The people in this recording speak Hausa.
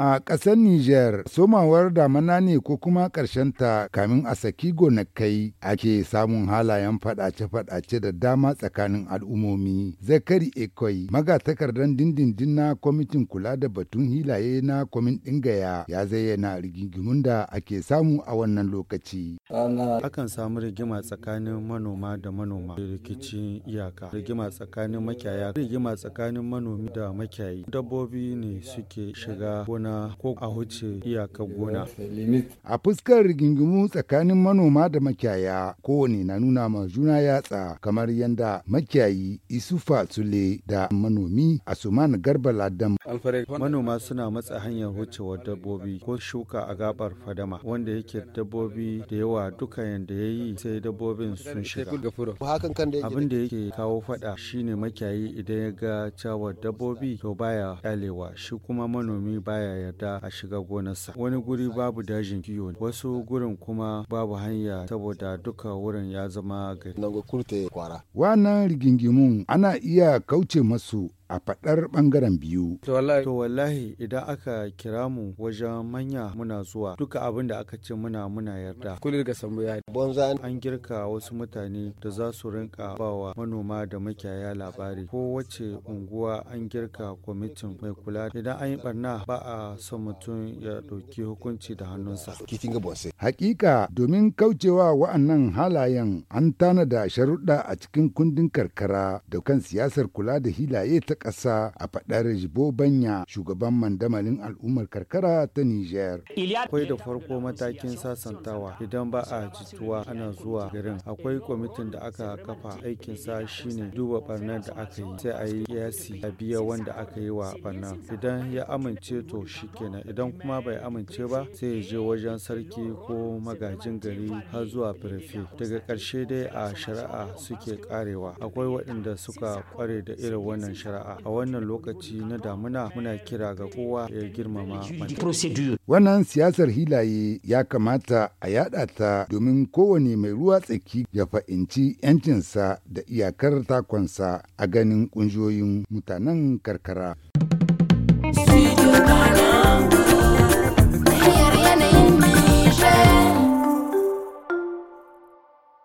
A ƙasar Nijar, somawar damana ne ko kuma ta kamin a saki gonakai ake samun halayen faɗace-faɗace da dama tsakanin al'ummomi. Zakari Ekoi, magatakardan dindindin na kwamitin kula da batun hilaye na kwamin ɗingaya ya zayyana rigingimun da ake samu a wannan lokaci. Akan samu rigima tsakanin manoma da manoma, rikicin iyaka, rigima tsakanin makiyaya, rigima tsakanin manomi da makiyayi. Dabbobi ne suke shiga gona gona ko a huce iyakar gona. A fuskar rigingimu tsakanin manoma da makiyaya kowane na nuna ma juna yatsa kamar yadda makiyayi Isufa Sule da manomi Asuman Garba Ladam. Manoma suna matsa hanyar wucewa dabbobi ko shuka a gabar fadama wanda yake dabbobi da yawa duka yadda ya yi sai dabbobin sun shiga. Abin da yake kawo fada shine makiyayi idan ya ga cawar dabbobi to baya kyalewa shi kuma manomi baya yarda a shiga gonarsa wani guri babu dajin kiwo wasu gurin kuma babu hanya saboda duka wurin ya zama gari wannan rigingimun ana iya kauce masu a faɗar ɓangaren biyu. To wallahi, idan aka kira mu wajen manya muna zuwa duka abin da aka ce muna muna yarda. Kulir ga sambuya. Bonza an girka wasu mutane da za su rinka bawa manoma da makiyaya labari. Ko wace unguwa an girka kwamitin mai kula idan an yi barna ba a son mutum ya ɗauki hukunci da hannunsa. Hakika domin kaucewa wa'annan halayen an tanada sharuɗa a cikin kundin karkara da kan siyasar kula da hilaye ta ƙasa a faɗar Jibo Banya shugaban mandamalin al'ummar karkara ta Nijar. Akwai da farko matakin sasantawa idan ba a jituwa ana zuwa garin. Akwai kwamitin da aka kafa aikin sa shine duba barnar da aka yi sai a yi kiyasi a biya wanda aka yi wa barnar. Idan ya amince to shi kenan idan kuma bai amince ba sai ya je wajen sarki ko magajin gari har zuwa firfe. Daga ƙarshe dai a shari'a suke karewa. Akwai waɗanda suka kware da irin wannan shari'a. a wannan lokaci na damuna muna kira ga kowa ya girmama wannan siyasar hilaye ya kamata a yada ta domin kowane mai ruwa tsaki ya fahimci yancinsa da iyakar takonsa a ganin kunjoyin mutanen karkara.